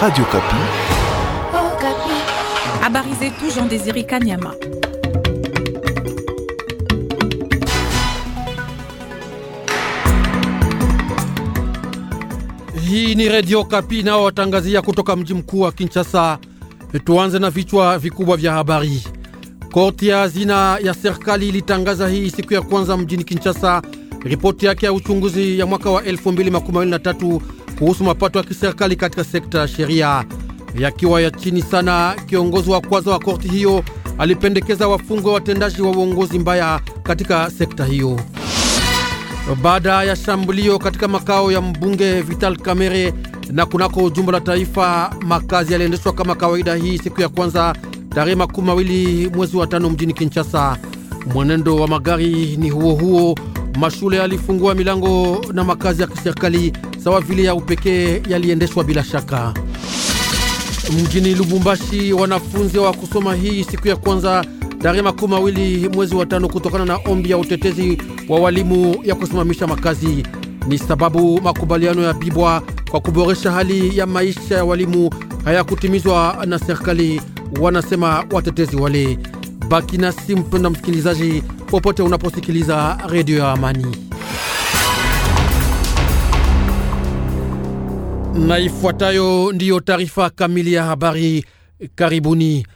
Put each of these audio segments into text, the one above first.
Radio Kapi. Oh, Habari zetu Jean Désiré Kanyama. Hii ni Radio Kapi nao watangazia kutoka mji mkuu wa Kinshasa. Tuanze na vichwa vikubwa vya habari. Korti ya hazina ya serikali ilitangaza hii siku ya kwanza mjini Kinshasa ripoti yake ya uchunguzi ya mwaka wa 2023 kuhusu mapato ya kiserikali katika sekta ya sheria yakiwa ya chini sana. Kiongozi wa kwanza wa korti hiyo alipendekeza wafungwe watendaji wa uongozi mbaya katika sekta hiyo. Baada ya shambulio katika makao ya mbunge Vital Kamerhe na kunako jumba la taifa, makazi yaliendeshwa kama kawaida hii siku ya kwanza tarehe makumi mawili mwezi wa tano mjini Kinshasa. Mwenendo wa magari ni huo huo, mashule yalifungua milango na makazi ya kiserikali sawa vile ya upekee yaliendeshwa bila shaka. Mjini Lubumbashi, wanafunzi wa kusoma hii siku ya kwanza tarehe makumi mawili mwezi wa tano kutokana na ombi ya utetezi wa walimu ya kusimamisha makazi. Ni sababu makubaliano ya Bibwa kwa kuboresha hali ya maisha ya walimu hayakutimizwa na serikali, wanasema watetezi wale. Baki nasi mpenda msikilizaji popote unaposikiliza redio ya Amani. Na ifuatayo ndiyo taarifa kamili ya habari. Karibuni.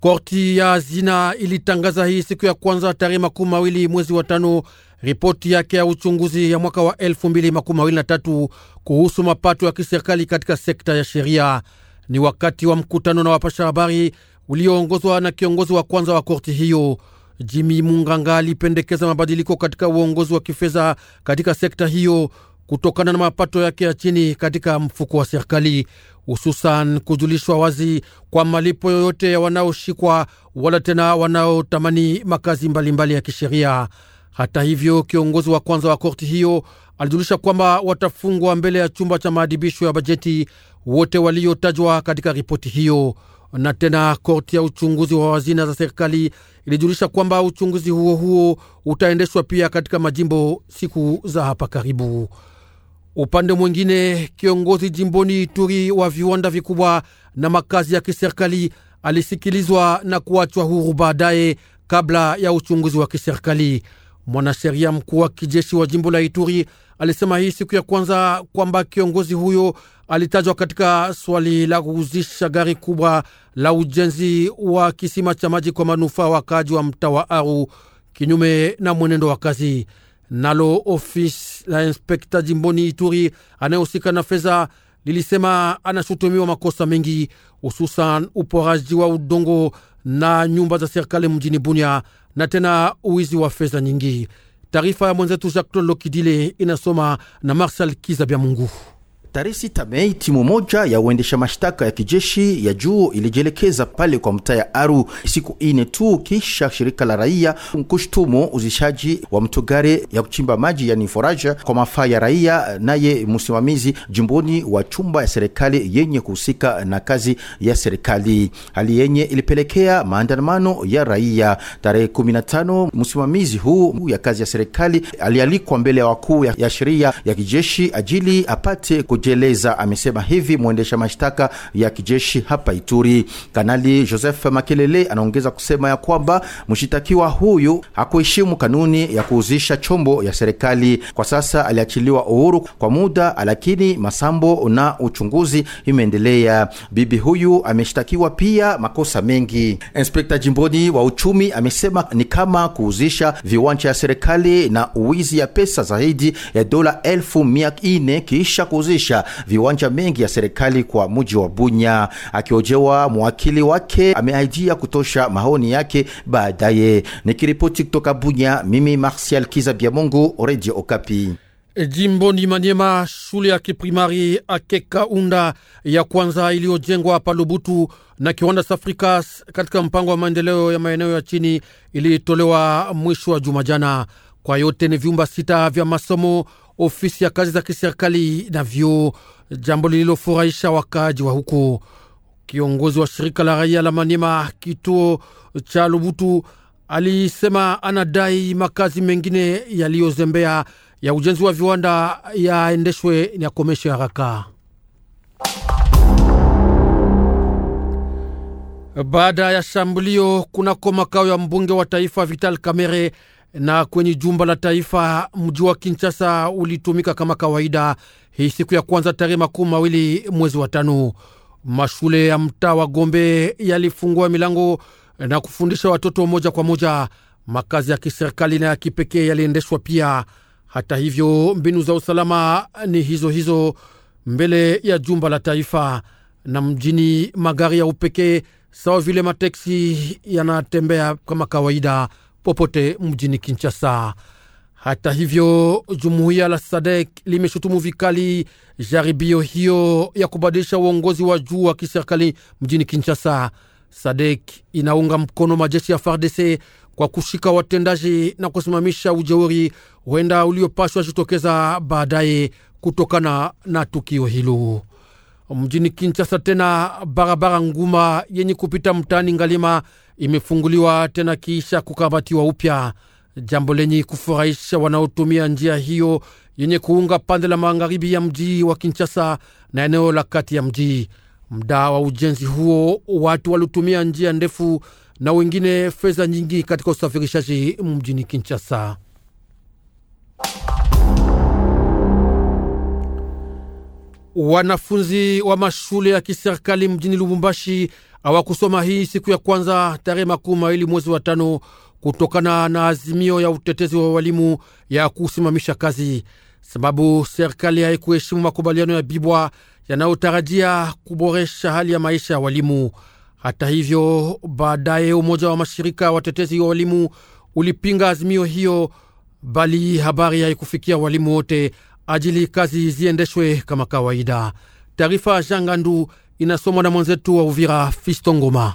Korti ya Zina ilitangaza hii siku ya kwanza tarehe makumi mawili mwezi wa tano ripoti yake ya uchunguzi ya mwaka wa elfu mbili makumi mawili na tatu kuhusu mapato ya kiserikali katika sekta ya sheria. Ni wakati wa mkutano na wapasha habari ulioongozwa na kiongozi wa kwanza wa korti hiyo. Jimi Munganga alipendekeza mabadiliko katika uongozi wa kifedha katika sekta hiyo kutokana na mapato yake ya chini katika mfuko wa serikali, hususan kujulishwa wazi kwa malipo yoyote ya wanaoshikwa wala tena wanaotamani makazi mbalimbali mbali ya kisheria. Hata hivyo, kiongozi wa kwanza wa korti hiyo alijulisha kwamba watafungwa mbele ya chumba cha maadhibisho ya bajeti wote waliotajwa katika ripoti hiyo. Na tena korti ya uchunguzi wa wazina za serikali ilijulisha kwamba uchunguzi huo huo utaendeshwa pia katika majimbo siku za hapa karibu. Upande mwingine, kiongozi jimboni Ituri wa viwanda vikubwa na makazi ya kiserikali alisikilizwa na kuachwa huru baadaye kabla ya uchunguzi wa kiserikali. Mwanasheria mkuu wa kijeshi wa jimbo la Ituri alisema hii siku ya kwanza kwamba kiongozi huyo alitajwa katika swali la kuhuzisha gari kubwa la ujenzi wa kisima cha maji kwa manufaa wakaaji wa mtaa wa Aru kinyume na mwenendo wa kazi. Nalo ofisi la inspekta jimboni Ituri anayehusika na fedha lilisema anashutumiwa makosa mengi, hususan uporaji wa udongo na nyumba za serikali mjini Bunia na tena uwizi wa fedha nyingi. Taarifa ya mwenzetu Jacques Lokidile inasoma na Marshal Kizabya Mungu. Tarehe sita Mei, timu moja ya uendesha mashtaka ya kijeshi ya juu ilijielekeza pale kwa mtaa ya Aru siku ine tu kisha shirika la raia kushtumu uzishaji wa mtogare ya kuchimba maji yani foraja kwa mafaa ya raia. Naye msimamizi jimboni wa chumba ya serikali yenye kuhusika na kazi ya serikali, hali yenye ilipelekea maandamano ya raia tarehe 15. Msimamizi huu ya kazi ya serikali alialikwa mbele ya wakuu ya sheria ya kijeshi ajili apate kujieleza. Amesema hivi mwendesha mashtaka ya kijeshi hapa Ituri, Kanali Joseph Makelele. Anaongeza kusema ya kwamba mshitakiwa huyu hakuheshimu kanuni ya kuuzisha chombo ya serikali. Kwa sasa aliachiliwa uhuru kwa muda, lakini masambo na uchunguzi imeendelea. Bibi huyu ameshtakiwa pia makosa mengi. Inspekta jimboni wa uchumi amesema ni kama kuuzisha viwanja ya serikali na uwizi ya pesa zaidi ya dola elfu mia nne kisha kuuzisha kuanzisha viwanja mengi ya serikali kwa muji wa Bunya. Akiojewa mwakili wake ameaidia kutosha maoni yake baadaye. Nikiripoti kutoka Bunya, mimi Martial Kiza Mungu, Radio Okapi. ni Manyema, shule ya kiprimari Akekaunda ya kwanza iliyojengwa hapa Lubutu na kiwanda Safricas katika mpango wa maendeleo ya maeneo ya chini ilitolewa mwisho wa juma jana. Kwa yote ni vyumba sita vya masomo ofisi ya kazi za kiserikali na vyuo, jambo lililofurahisha wakaaji wa huko. Kiongozi wa shirika la raia la manima kituo cha Lubutu alisema anadai makazi mengine yaliyozembea ya ujenzi wa viwanda yaendeshwe na ya haraka. Baada ya shambulio kunako makao ya mbunge wa taifa Vital Kamere na kwenye jumba la taifa mji wa Kinshasa ulitumika kama kawaida hii siku ya kwanza tarehe makumi mawili mwezi wa tano. Mashule ya mtaa wa Gombe yalifungua milango na kufundisha watoto moja kwa moja. Makazi ya kiserikali na ya kipekee yaliendeshwa pia. Hata hivyo, mbinu za usalama ni hizo hizo mbele ya jumba la taifa na mjini, magari ya upekee sawa vile mateksi yanatembea kama kawaida popote mjini Kinshasa. Hata hivyo, jumuiya la SADEK limeshutumu vikali jaribio hiyo ya kubadilisha uongozi wa juu wa kiserikali mjini Kinshasa. SADEK inaunga mkono majeshi ya FARDC kwa kushika watendaji na kusimamisha ujeuri huenda uliopashwa jitokeza baadaye kutokana na tukio hilo. Mjini Kinshasa tena, barabara nguma yenye kupita mtaani Ngalima imefunguliwa tena kisha kukamatiwa upya, jambo lenye kufurahisha wanaotumia njia hiyo yenye kuunga pande la magharibi ya mji wa Kinshasa na eneo la kati ya mji. Mdaa wa ujenzi huo watu walitumia njia ndefu na wengine fedha nyingi katika usafirishaji mjini Kinshasa. Wanafunzi wa mashule ya kiserikali mjini Lubumbashi hawakusoma hii siku ya kwanza tarehe makumi mawili mwezi wa tano kutokana na azimio ya utetezi wa walimu ya kusimamisha kazi, sababu serikali haikuheshimu makubaliano ya Bibwa yanayotarajia kuboresha hali ya maisha ya walimu. Hata hivyo, baadaye umoja wa mashirika watetezi wa walimu ulipinga azimio hiyo, bali habari haikufikia walimu wote ajili kazi ziendeshwe kama kawaida. Taarifa ya Jangandu inasomwa na mwenzetu wa Uvira, Fisto Ngoma.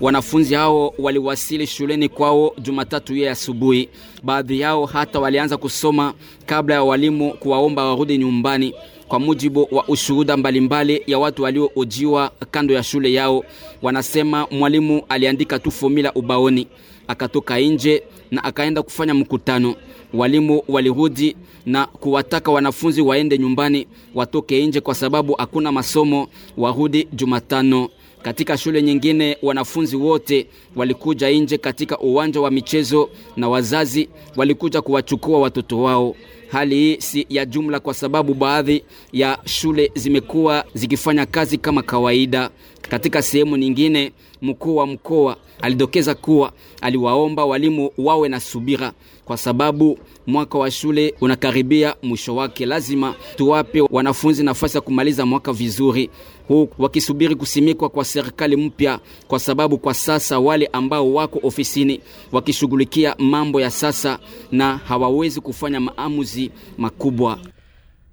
Wanafunzi hao waliwasili shuleni kwao Jumatatu ya asubuhi. Baadhi yao hata walianza kusoma kabla ya walimu kuwaomba warudi nyumbani. Kwa mujibu wa ushuhuda mbalimbali ya watu walioojiwa kando ya shule yao, wanasema mwalimu aliandika tu fomila ubaoni, akatoka nje na akaenda kufanya mkutano. Walimu walirudi na kuwataka wanafunzi waende nyumbani, watoke nje kwa sababu hakuna masomo, warudi Jumatano. Katika shule nyingine wanafunzi wote walikuja nje katika uwanja wa michezo na wazazi walikuja kuwachukua watoto wao. Hali hii si ya jumla, kwa sababu baadhi ya shule zimekuwa zikifanya kazi kama kawaida. Katika sehemu nyingine, mkuu wa mkoa alidokeza kuwa aliwaomba walimu wawe na subira, kwa sababu mwaka wa shule unakaribia mwisho wake. Lazima tuwape wanafunzi nafasi ya kumaliza mwaka vizuri, huku wakisubiri kusimikwa kwa serikali mpya, kwa sababu kwa sasa wale ambao wako ofisini wakishughulikia mambo ya sasa na hawawezi kufanya maamuzi makubwa.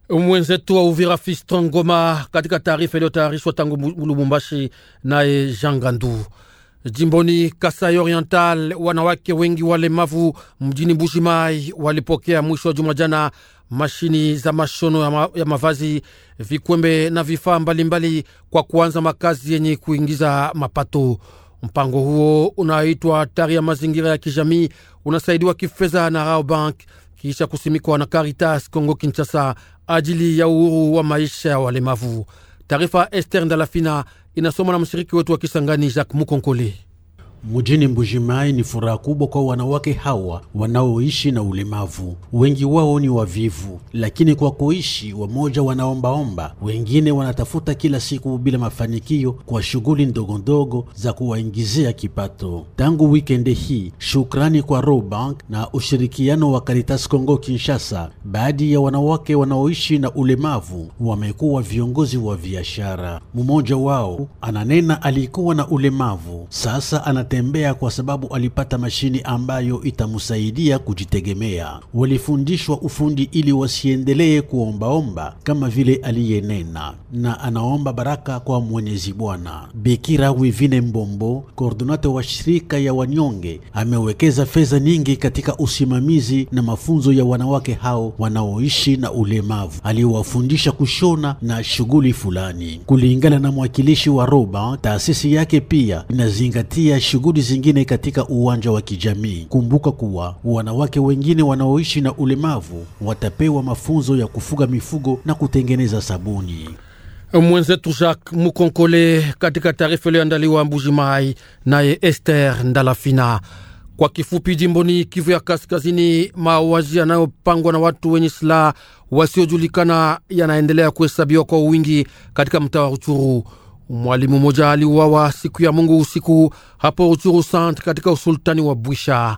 Mwenzetu wa Uvira Fiston Ngoma katika taarifa iliyotayarishwa tangu Lubumbashi naye Jean Gandu. Jimboni Kasai Oriental, wanawake wengi walemavu mjini Bujimai walipokea mwisho wa juma jana mashini za mashono ya, ma, ya mavazi, vikwembe na vifaa mbalimbali kwa kuanza makazi yenye kuingiza mapato. Mpango huo unaoitwa hatari ya mazingira ya kijamii unasaidiwa kifedha na Raobank kisha kusimikwa na Caritas Kongo Kinshasa ajili ya uhuru wa maisha ya walemavu. Taarifa Ester Ndalafina inasoma na mshiriki wetu wa Kisangani Jacques Mukonkoli. Mjini mbujimai ni furaha kubwa kwa wanawake hawa wanaoishi na ulemavu. Wengi wao ni wavivu, lakini kwa kuishi, wamoja wanaombaomba, wengine wanatafuta kila siku bila mafanikio kwa shughuli ndogondogo za kuwaingizia kipato. Tangu wikendi hii, shukrani kwa Robank na ushirikiano wa karitas Kongo Kinshasa, baadhi ya wanawake wanaoishi na ulemavu wamekuwa viongozi wa biashara. Mmoja wao ananena alikuwa na ulemavu, sasa ana kutembea kwa sababu alipata mashini ambayo itamsaidia kujitegemea. Walifundishwa ufundi ili wasiendelee kuombaomba kama vile aliyenena, na anaomba baraka kwa Mwenyezi Bwana. Bikira Wivine Mbombo, koordinate wa shirika ya wanyonge, amewekeza fedha nyingi katika usimamizi na mafunzo ya wanawake hao wanaoishi na ulemavu. Aliwafundisha kushona na shughuli fulani. Kulingana na mwakilishi wa Roba, taasisi yake pia inazingatia shughuli shughuli zingine katika uwanja wa kijamii. Kumbuka kuwa wanawake wengine wanaoishi na ulemavu watapewa mafunzo ya kufuga mifugo na kutengeneza sabuni. Mwenzetu Jacques Mukonkole katika taarifa iliyoandaliwa Mbuji Mai naye Esther Ndalafina. Kwa kifupi, jimboni Kivu ya Kaskazini, mauaji yanayopangwa na watu wenye silaha wasiojulikana yanaendelea kuhesabiwa kwa wingi katika mtaa wa Ruchuru. Mwalimu mmoja aliuawa siku ya Mungu usiku hapo Uchuru Centre katika usultani wa Bwisha.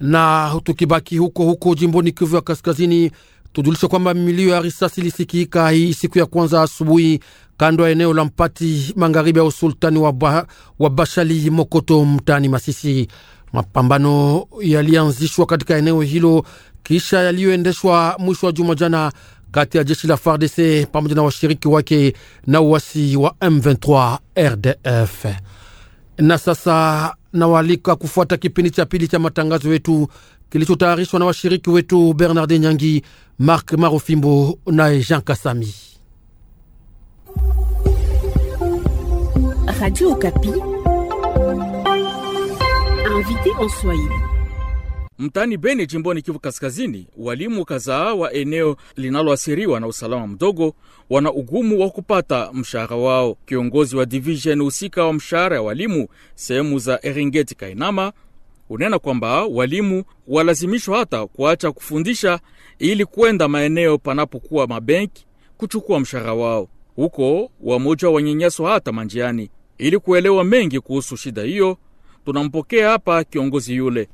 Na tukibaki huko huko jimboni Kivu ya Kaskazini, tujulishe kwamba milio ya risasi lisikiika hii siku ya kwanza asubuhi kando ya eneo la Mpati, magharibi ya usultani wa, ba, wa Bashali Mokoto, mtaani Masisi. Mapambano yalianzishwa katika eneo hilo kisha yaliyoendeshwa mwisho wa juma jana kati ya jeshi la FARDC pamoja na washiriki wake na uasi wa M23 RDF. Na sasa nawaalika kufuata kipindi cha pili cha matangazo yetu kilichotayarishwa na washiriki wetu bernard Nyangi, Mark Marofimbo na Jean Kasami. Radio Okapi, invité en Swahili. Mtaani Beni jimboni Kivu Kaskazini, walimu kadhaa wa eneo linaloathiriwa na usalama mdogo wana ugumu wa kupata mshahara wao. Kiongozi wa divisheni husika wa mshahara ya walimu sehemu za Eringeti Kainama unena kwamba walimu walazimishwa hata kuacha kufundisha ili kwenda maeneo panapokuwa mabenki kuchukua mshahara wao. Huko wamoja wanyenyeswa hata manjiani. Ili kuelewa mengi kuhusu shida hiyo, tunampokea hapa kiongozi yule.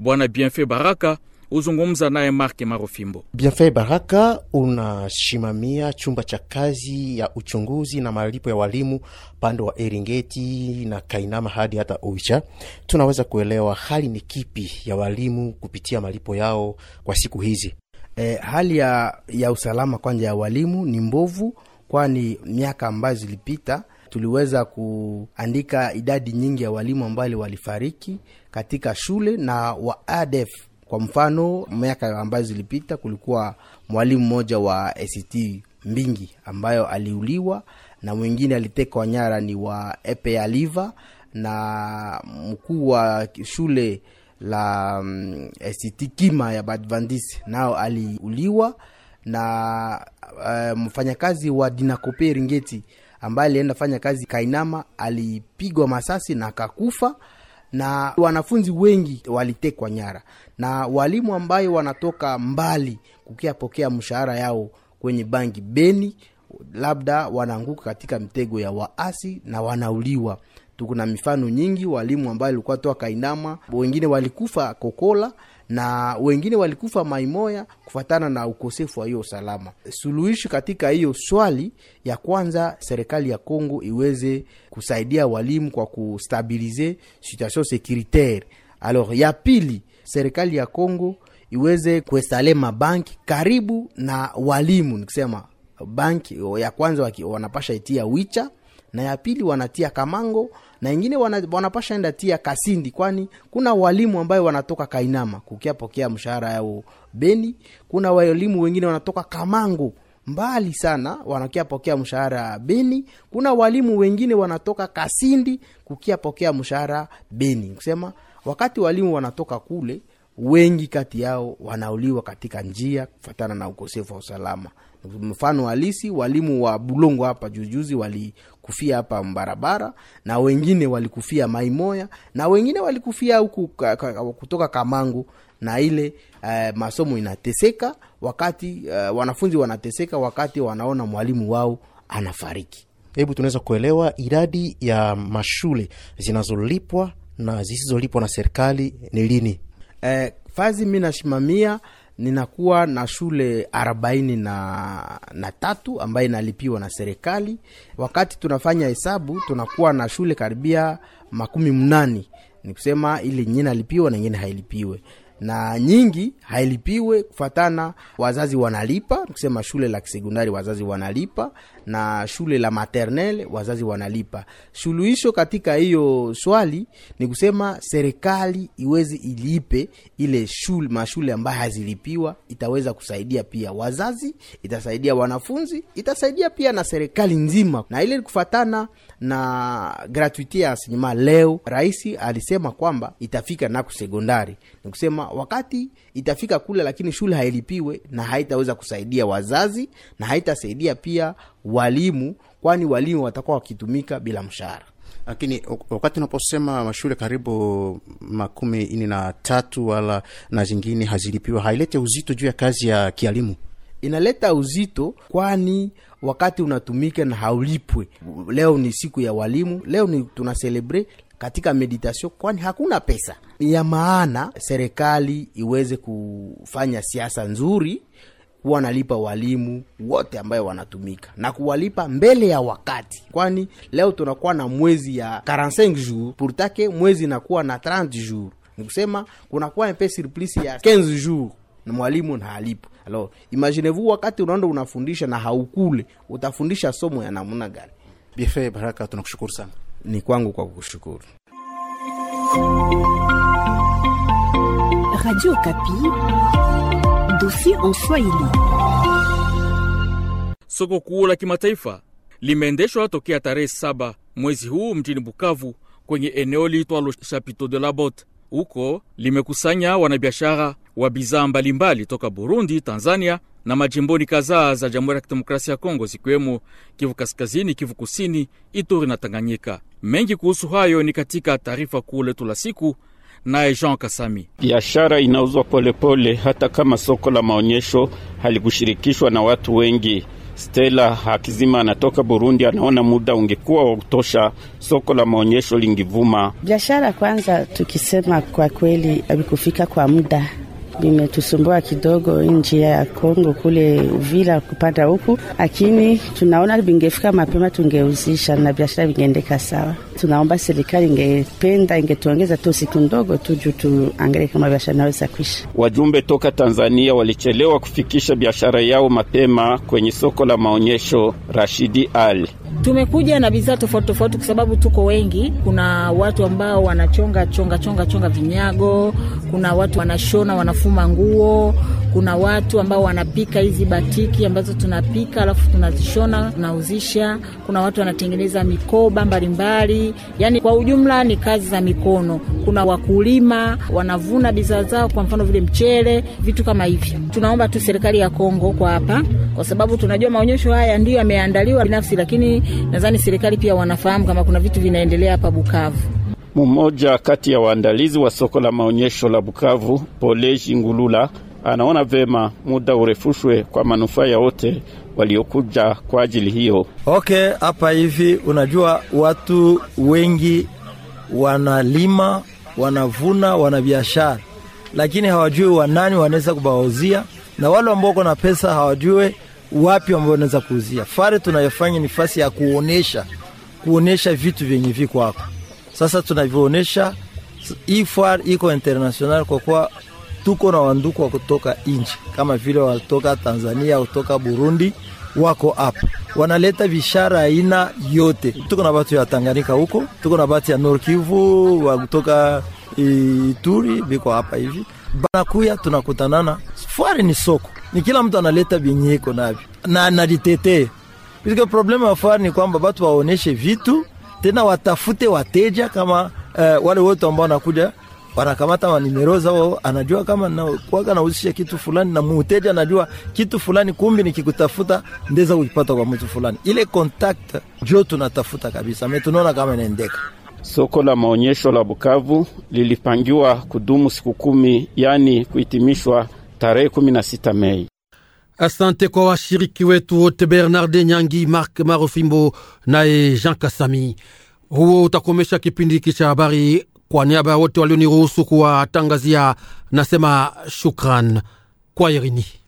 Bwana Bienfait Baraka huzungumza naye Marke Marofimbo. Bienfait Baraka, unasimamia chumba cha kazi ya uchunguzi na malipo ya walimu pande wa Eringeti na Kainama hadi hata Oicha. Tunaweza kuelewa hali ni kipi ya walimu kupitia malipo yao kwa siku hizi? E, hali ya, ya usalama kwanja ya walimu ni mbovu, kwani miaka ambayo zilipita tuliweza kuandika idadi nyingi ya walimu ambao walifariki katika shule na wa ADF. E Kwa mfano, miaka ambayo zilipita kulikuwa mwalimu mmoja wa ACT Mbingi ambayo aliuliwa na mwingine alitekwa nyara ni wa EPA Liva na mkuu wa shule la um, mm, ACT Kima ya Badvandis nao aliuliwa na uh, mfanyakazi wa Dinakope Ringeti ambaye alienda fanya kazi Kainama alipigwa masasi na akakufa, na wanafunzi wengi walitekwa nyara, na walimu ambayo wanatoka mbali kukiapokea mshahara yao kwenye bangi Beni, labda wanaanguka katika mitego ya waasi na wanauliwa. Tuko na mifano nyingi, walimu ambayo walikuwa toa Kainama, wengine walikufa Kokola na wengine walikufa maimoya kufatana na ukosefu wa hiyo usalama. Suluhishi katika hiyo swali ya kwanza, serikali ya Kongo iweze kusaidia walimu kwa kustabilize situation securitaire. Alors ya pili, serikali ya Kongo iweze kuestale mabanki karibu na walimu, nikisema banki ya kwanza wanapasha itia Wicha na ya pili wanatia Kamango na ingine wana, wanapasha enda tia Kasindi, kwani kuna walimu ambayo wanatoka Kainama kukiapokea mshahara yao Beni. Kuna walimu wengine wanatoka Kamango mbali sana wanakiapokea mshahara Beni. Kuna walimu wengine wanatoka Kasindi kukiapokea mshahara Beni, kusema wakati walimu wanatoka kule wengi kati yao wanauliwa katika njia kufatana na ukosefu wa usalama. Mfano halisi, walimu wa Bulongo hapa juzijuzi walikufia hapa barabara, na wengine walikufia Maimoya, na wengine walikufia huku kutoka Kamangu na ile uh, masomo inateseka wakati uh, wanafunzi wanateseka wakati wanaona mwalimu wao anafariki. Hebu tunaweza kuelewa idadi ya mashule zinazolipwa na zisizolipwa na serikali ni lini? Uh, fazi mi nasimamia ninakuwa na shule arobaini na, na tatu ambayo inalipiwa na serikali. Wakati tunafanya hesabu tunakuwa na shule karibia makumi mnani, ni kusema ili nyingine alipiwa na nyingine hailipiwe na nyingi hailipiwe kufatana, wazazi wanalipa, kusema shule la kisekondari wazazi wanalipa na shule la maternel wazazi wanalipa. Suluhisho katika hiyo swali ni kusema serikali iwezi ilipe ile shule, mashule ambayo hazilipiwa, itaweza kusaidia pia wazazi, itasaidia wanafunzi, itasaidia pia na serikali nzima, na ile kufatana na gratuite ya sinema. Leo rais alisema kwamba itafika na kusekondari, ni kusema wakati itafika kule, lakini shule hailipiwe na haitaweza kusaidia wazazi na haitasaidia pia walimu, kwani walimu watakuwa wakitumika bila mshahara. Lakini wakati unaposema mashule karibu makumi ini na tatu wala na zingine hazilipiwa, hailete uzito juu ya kazi ya kialimu inaleta uzito kwani wakati unatumika na haulipwe. Leo ni siku ya walimu, leo ni tunaselebre, katika meditation, kwani hakuna pesa ya maana serikali iweze kufanya siasa nzuri, kuwa wanalipa walimu wote ambayo wanatumika na kuwalipa mbele ya wakati, kwani leo tunakuwa na mwezi ya 45 jours pourtake mwezi inakuwa na 30 jours, nikusema kunakuwa mpe surplus ya 15 jours na mwalimu na halipo. Alo, imagine vous wakati unaenda unafundisha na haukule, utafundisha somo ya namna gani? Bife Baraka, tunakushukuru sana ni kwangu kwa kukushukuru. Radio Kapi, dosi en Swahili. Soko kuu la kimataifa limeendeshwa tokea tarehe saba mwezi huu mjini Bukavu kwenye eneo liitwalo Chapito de la Botte. Huko limekusanya wanabiashara wa bidhaa mbalimbali toka Burundi, Tanzania na majimboni kadhaa za Jamhuri ya Kidemokrasia ya Kongo, zikiwemo Kivu Kaskazini, Kivu Kusini, Ituri na Tanganyika. Mengi kuhusu hayo ni katika taarifa kuu letu la siku. Naye Jean Kasami, biashara inauzwa polepole hata kama soko la maonyesho halikushirikishwa na watu wengi. Stella Hakizima anatoka Burundi, anaona muda ungekuwa wa kutosha soko la maonyesho lingivuma biashara. Kwanza tukisema kwa kweli, havikufika kwa muda limetusumbua kidogo njia ya Kongo kule Uvila kupanda huku, lakini tunaona vingefika mapema tungeuzisha na biashara vingeendeka sawa. Tunaomba serikali ingependa ingetuongeza tu siku ndogo tu juu tuangalie kama biashara inaweza kuisha. Wajumbe toka Tanzania walichelewa kufikisha biashara yao mapema kwenye soko la maonyesho Rashidi Ali Tumekuja na bidhaa tofauti tofauti kwa sababu tuko wengi. Kuna watu ambao wanachonga chonga chonga chonga vinyago, kuna watu wanashona wanafuma nguo kuna watu ambao wanapika hizi batiki ambazo tunapika alafu tunazishona tunauzisha. Kuna watu wanatengeneza mikoba mbalimbali, yani kwa ujumla ni kazi za mikono. Kuna wakulima wanavuna bidhaa zao, kwa mfano vile mchele, vitu kama hivyo. Tunaomba tu serikali ya Kongo kwa hapa, kwa sababu tunajua maonyesho haya ndio yameandaliwa binafsi, lakini nadhani serikali pia wanafahamu kama kuna vitu vinaendelea hapa Bukavu. Mmoja kati ya waandalizi wa soko la maonyesho la Bukavu, Poleji Ngulula anaona vema muda urefushwe kwa manufaa ya wote waliokuja kwa ajili hiyo. Okay, hapa hivi, unajua watu wengi wanalima, wanavuna, wana biashara, lakini hawajui wanani wanaweza kubawauzia na wale ambao wako na pesa hawajue wapi ambao wanaweza kuuzia. Fare tunayofanya ni fasi ya kuonesha, kuonesha vitu vyenye vikwako Sasa tunavyoonyesha hii fare iko international kwa kuwa tuko na wanduku wa kutoka nchi kama vile walitoka Tanzania, kutoka Burundi wako hapa wanaleta vishara aina yote. Tuko na batu ya Tanganyika huko, tuko na batu ya North Kivu wa kutoka Ituri biko hapa hivi banakuya, tunakutanana. fuari. ni soko, ni kila mtu analeta binyeko navyo na analitetee pisike problemu ya fuari ni kwamba batu waoneshe vitu tena watafute wateja kama uh, wale wote ambao wanakuja wanakamata wanimero zao, anajua kama nakuaga nahusisha kitu fulani na muteja anajua kitu fulani, kumbi nikikutafuta ndeza kujipata kwa mtu fulani. Ile contact jo tunatafuta kabisa, metunaona kama inaendeka. Soko la maonyesho la Bukavu lilipangiwa kudumu siku kumi, yani kuhitimishwa tarehe 16 Mei. Asante kwa washiriki wetu wote, Bernard Nyangi, Mark Marofimbo naye Jean Kasami. Huo utakomesha kipindi hiki cha habari. Kwa niaba ya wote walioniruhusu kuwatangazia, nasema shukran kwa Irini.